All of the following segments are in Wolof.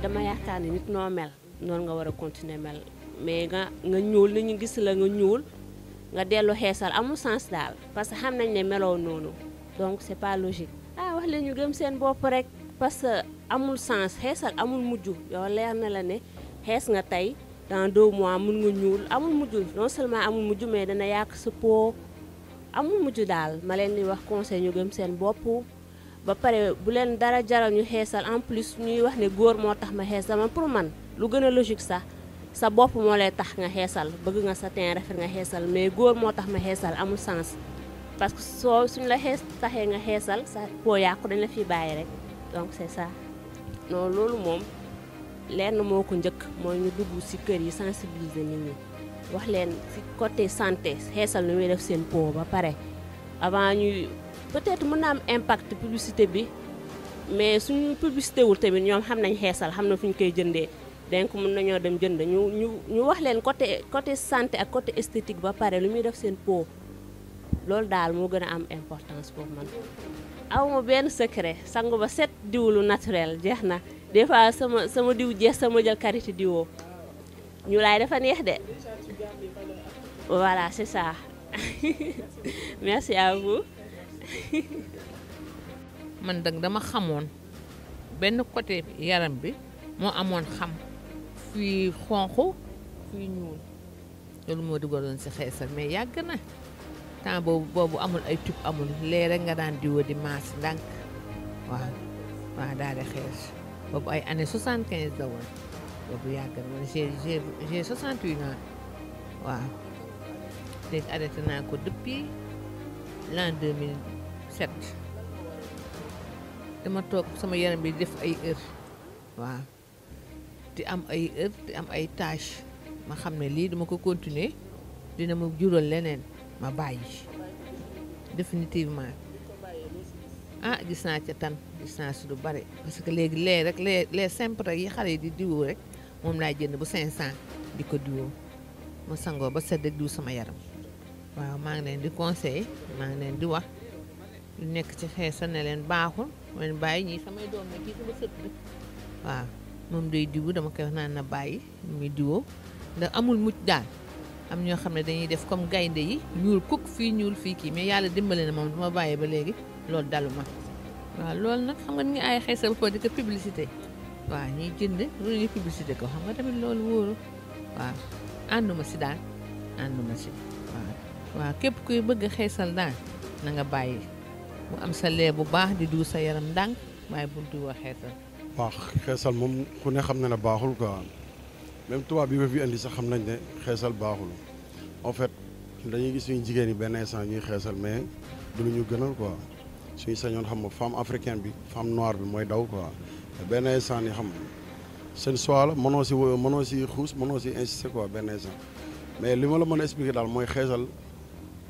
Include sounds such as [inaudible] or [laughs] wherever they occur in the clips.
de dama nit noo mel noonu nga war continuer mel mais nga ni ñu gis la nga nga amul sens parce que xam ne donc c'est pas logique ah wax leen gëm bopp rek parce que amul sens xeesal amul mujj yow leer na la ne xees nga tey dans deux mois mun nga amul non seulement amul mais dana yàq sa peau amul ma wax conseil ñu gëm bopp ba pare bu leen dara jaral ñu xeesal en plus ñuy wax ni góor moo tax ma xeesal man pour man lu gën logique sax sa bopp moo lay tax nga xeesal bëgg nga sa teint rafet nga xeesal mais góor moo tax ma xeesal amul sens parce que soo suñ la xees taxee nga xeesal sa peau yàqu dañ la fi bàyyi rek donc c'est ça non loolu moom lenn moo ko njëkk mooy ñu dugg ci kër yi sensibiliser nit ñi wax leen ci côté santé xeesal nu muy def seen po ba pare avant ñuy peut-être mën na am impact publicité bi mais su publicité wul tamit ñoom xam nañ xeesal xam na fu ñu koy jëndee donc mun nañoo dem jënd ñu ñu wax leen côté côté santé ak côté esthétique ba pare lu muy def seen peau loolu daal moo gën a am importance po man. aw ma benn secret sangu ba set diw lu naturel jeex na des fois sama sama diw jeex sama jël karité diwoo ñu laay dafa neex de. voilà c'est ça [laughs] merci à [laughs] man nag dama xamoon benn côté yaram bi moo amoon xam fii xonq fii ñuul loolu moo dugaloon ci xeesal mais yàgg na temps boobu boobu amul ay tub amul lee nga daan diwa di maas ndànk waaw waaw daal di xees boobu ay année soixante quinze la boobu yàgg na man j'ai j'ai soixante-huit ans waaw léegi arrêté naa ko depuis l'an set dama toog sama yaram bi def ay heure waaw di am ay heure di am ay tâche ma xam ne lii duma ko continuer dina ma jural leneen ma bàyyi définitivement ah gis naa ca tan gis naa si lu bari parce que léegi lee rek lee yi xare yi di diwoo rek moom laay jënd bu 500 di ko diwoo ma sangoo ba sedd diw sama yaram waaw maa ngi leen di conseillé maa ngi leen di wax lu nekk ci xeesa ne leen baaxul leen bàyyi ñii samay doom ne kii sama moom day diwu dama koy wax naan na bàyyi muy diwoo ndax amul mucc daal am ñoo xam ne dañuy def comme gaynde yi ñuul kuk fii ñuul fii kii mais yàlla dimbale na moom duma bàyyi ba léegi loolu dalu ma waaw loolu nag xam nga ni ay xeesa ba di ko publicité waaw ñuy jënd lu ñuy publicité ko xam nga tamit loolu wóoru waaw ànduma si daal ànduma si waa képp kuy bëgg xeesal daan na nga bàyyi mu am sa lee bu baax di duus sa yaram ndànk waaye bul duwa xeesal. waaw xeesal moom ku ne xam na ne baaxul quoi même tubaab yi ko fi indi sax xam nañ ne xeesal baaxul en fait dañuy gis suñu jigéen yi benn instant ñuy xeesal mais du lu ñu gënal quoi suñu sañoon xam nga femme africaine bi femme noire bi mooy daw quoi benn instant ni xam seen choix la mënoo si mënoo si xuus mënoo si insister quoi benn instant mais li la mën a expliquer daal mooy xeesal.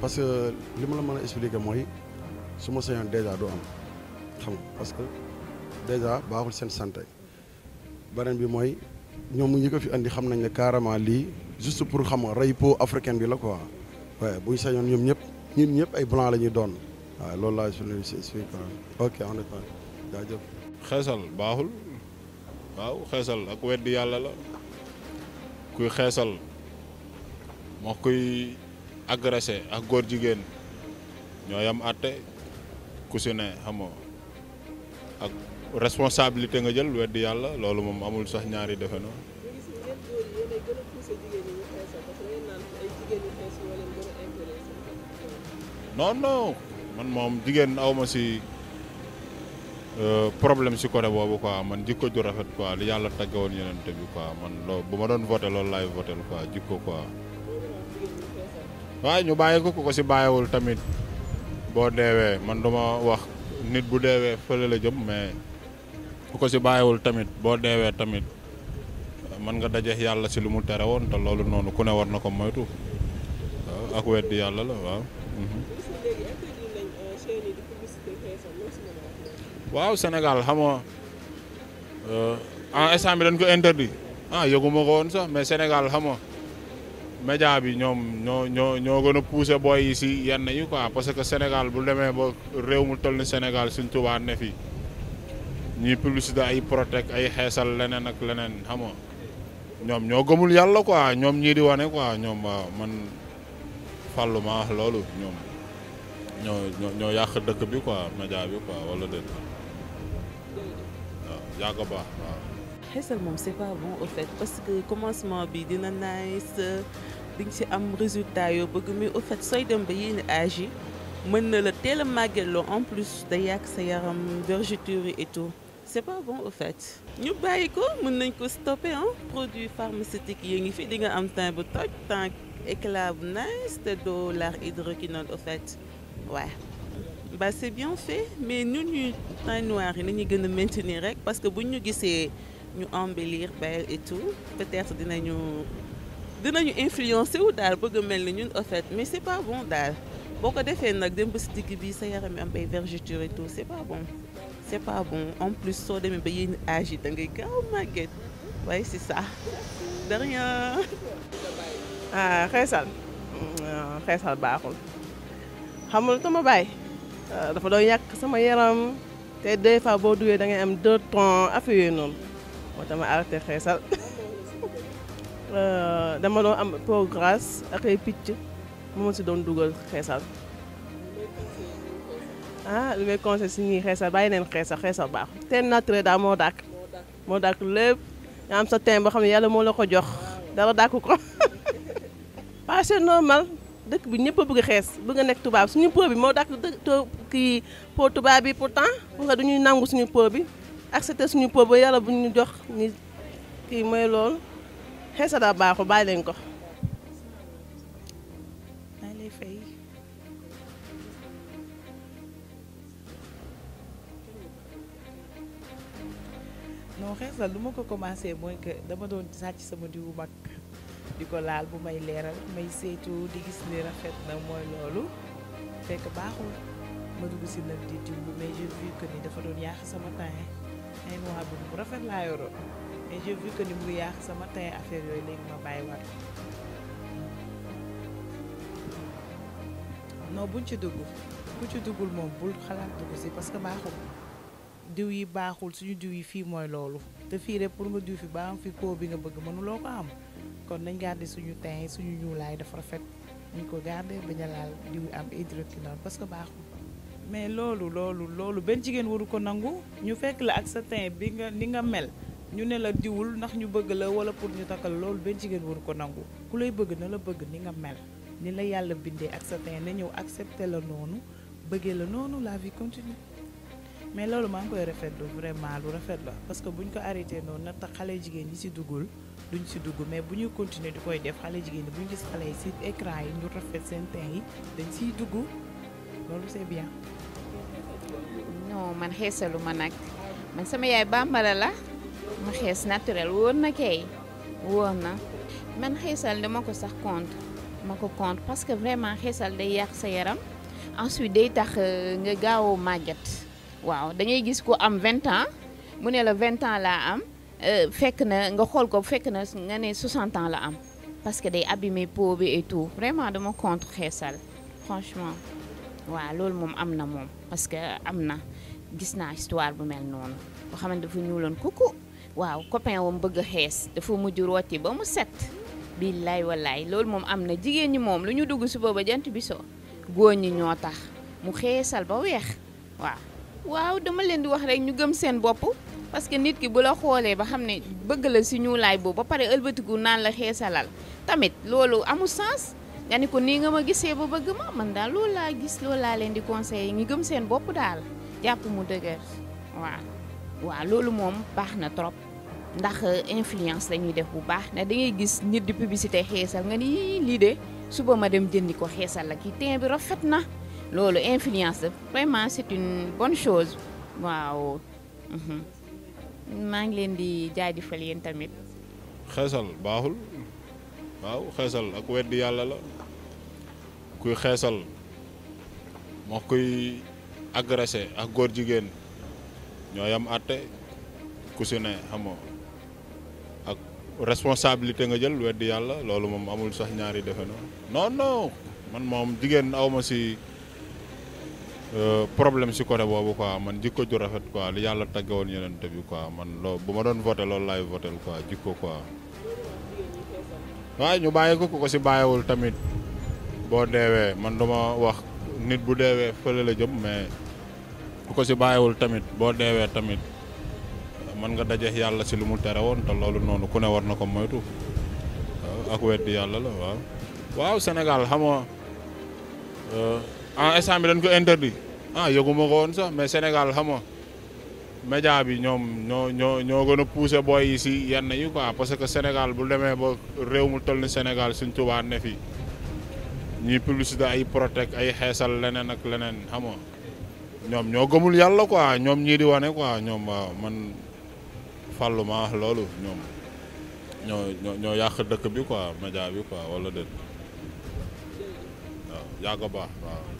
parce que li ma la mën a expliquer mooy su ma sañoon dèjà du am xam nga parce que dèjà baaxul seen santé beneen bi mooy ñoom ñi ko fi andi xam nañ ne carrément lii juste pour xam nga rey africain bi la quoi waaye bu señoon sañoon ñoom ñëpp ñun ñëpp ay blanc la ñuy doon waaw loolu laa suñu expliqué ok on est prêt jaajëf. xeesal baaxul waaw xeesal ak weddi yàlla la kuy xeesal moo kuy. agressé ak ah, góor jigen ñoy am àtte ku ci né xamoo ak ah, responsabilité nga jël weddi yalla loolu mom amul sax ñaari defe non non man mom jigen awma euh problème ci côté bobu quoi man jikko ju rafet quoi li yàlla taggawoon yenente bi quoi man lo buma don voter voté lay voter quoi jikko quoi waaw ñu bàyyi ko ku ko si bàyyiwul tamit boo deewee man duma wax nit bu deewee fële la jëm mais ku ko si bàyyiwul tamit boo deewee tamit mën nga daje yàlla si lu mu tere woon te loolu noonu ku ne war na ko moytu waaw ak weddi yàlla la waaw. Mhm. waaw Sénégal xam nga euh, en instant bi ko interdit ah yëgu ma ko woon sax mais Sénégal xam nga média bi ñoom ñoo ñoo ñoo gën a poussé booy yi si yenn yi quoi parce que Sénégal bu demee ba réew mu toll ni Sénégal suñ tubaab ne fi ñuy publicité ay protect ay xeesal leneen ak leneen xam ñoom ñoo gëmul yàlla quoi ñoom ñii di wane quoi ñoom waaw man fàllu loolu ñoom ñoo ñoo yàq dëkk bi quoi média bi quoi wala déet waaw yàgg baax waaw. xeesal moom c'est pas bon au fait parce que commencement bi dina nice di nga am résultat yo bëgg mais au fait soy dem ba yenn agi yi mën na la en plus da yak sa yaram vergeture et tout c'est pas bon au fait. ñu bayiko ko mën nañ ko stopper hein produit pharmaceutique yi ngi fi di nga am teint bu toj teint éclat nice te doo laar hydroquinone au fait ouais Bah, c'est bien fait mais nous ñuy teint noir yi gëna maintenir rek parce que buñ ñu gisee nous embellir bayal et tout peut-être dinañu dinañu influencer wu daal bëgg a ñun en fait mais c'est pas bon d'al beaucoup ko defee nag dem ba si digg bi sa yaram yi am ay et tout c'est pas bon c'est pas bon en plus ça de me payer une agite da ngay my god waaye c'est ça de rien ah xeesal xeesal ah, baaxul xamul sama baay ah, dafa doon yàq sama yaram te des fois boo duggee da ngay am deux temps affaire yooyu noonu moo tax ma arrêté xeesal [laughs] euh, dama doon am peau grasse je suis picc mu ma si je suis ah li may conseil si ñuy ça, bàyyi ça baax Je naturel daal ça dàkk moo dàkk lépp Je sa teen boo xam ne yàlla la Je jox dara dàkk ko [laughs] c'est normal dëkk bi ñëpp bëgg xees bëgg nekk tubaab suñu peau bi pourtant nga suñu accepté suñu pobo yalla yàlla buñ ñu jox ni ki moy loolu xeesa da baaxu bàyyi leen ko bàyyi lay fay non xeesal luma ko commencé moy que dama doon sacc sama diwu mag diko laal bu may leral may seetu di gis ni rafet na moy loolu fekk baaxul ma dugg si nag di diw mais j'ai vu que ni dafa doon yaax sama temps ay noix j'ai vu que ni mu yaax sama a affaire yooyu léegi war non buñ parce que baaxul diw yi baaxul suñu diw yi fii mooy loolu te fii rek pour nga diw fi fi bi nga bëgg mënuloo ko am kon nañ garder suñu teint suñu ñuulaay dafa rafet ñu ko a laal am parce que mais loolu loolu loolu benn jigéen waru ko nangu ñu fekk la ak sa teint bi nga ni nga mel ñu ne la diwul ndax ñu bëgg la wala pour ñu takkal loolu benn jigéen waru ko nangu ku lay bëgg na la bëgg ni nga mel ni la yàlla bindee ak sa teint na ñëw accepté la noonu bëggee la noonu la vie continuer mais loolu maa ngi koy rafetlu vraiment lu rafet la parce que buñ ko arrêté noonu na tax xale jigéen ñi si duggul duñ si dugg mais bu ñuy continuer di koy def xale jigéen ñi bu ñu gis xale yi si écran yi ñu rafet seen teint yi dañ siy dugg loolu c'est bien. non man xeesalu ma nag man sama yaay bambara la ma xees naturel wóor na kay wóor na man xeesal dama ko sax compte ma ko compte parce que vraiment xeesal day yàq sa yaram ensuite day tax nga gaaw màggat waaw da ngay gis ko am 20 ans mu ne la 20 ans laa am fekk na nga xool ko fekk na nga ne 60 ans la am parce que day abîmer peau bi et tout vraiment dama compte xeesal franchement. waaw loolu moom am na moom parce que am na gis naa histoire bu mel noonu boo xam ne dafa ñuuloon kuku waaw copain wam bëgg a xees dafa mujj rooti ba mu set billaay wallaay loolu moom am na jigéen ñi moom lu ñu dugg suba ba jant bi so góor ñi ñoo tax mu xeesal ba weex waaw waaw dama leen di wax rek ñu gëm seen bopp parce que nit ki bu la xoolee ba xam ne bëgg la si ñuulaay boobu ba pare ëlbatiku naan la xeesalal tamit loolu amul sens nga ni ko nii nga ma gisee ba bëgg ma man daal loolu laa gis loolu laa leen di conseillé ñu gëm seen bopp daal jàpp mu dëgër waaw. waaw loolu moom baax na trop ndax euh, influence la ñuy def bu baax ndax da ngay gis nit di publicité xeesal nga ni lii de suba ma dem jëndi ko xeesal la kii teint bi rafet na loolu influence la vraiment c'est une bonne chose waaw. Mhm. maa ngi leen di jaajëfal yéen tamit. xeesal baaxul. waaw xeesal ak weddi yàlla la kuy xeesal moo kui agressé ak góor jigéen ñoo am àtte ku si ne xamoo ak responsabilité nga jël weddi yàlla loolu moom amul sax ñaari defe no non non man moom jigéen awma si euh, problème si côté boobu quoi man jikko ju rafet quoi li yàlla tagge woon yeneen bi quoi man loo bu ma doon voté loolu laay votel quoi jikko quoi waaye ñu bàyyi ko ku ko si bàyyiwul tamit boo deewee man duma wax nit bu deewee fële la jëm mais ku ko si bàyyiwul tamit boo deewee tamit mën nga daje yàlla si lu mu tere woon te loolu noonu ku ne war na ko moytu ak weddi yàlla la waaw. Sénégal xam nga en euh, ah, instant bi dañ ko interdit ah yëgu ma ko woon sax mais Sénégal xam média bi ñoom ñoo ñoo ñoo gën a poussé booy si yenn yi quoi parce que Sénégal bu demee ba réew mu toll ni Sénégal suñ Tuubaa ne fi ñuy publicité ay protect ay xeesal leneen ak leneen xam ñoom ñoo gëmul yàlla quoi ñoom ñii di wane quoi ñoom waaw man fàllu loolu ñoom ñoo ñoo yàq dëkk bi quoi média bi quoi wala déet waaw yàgg baax waaw.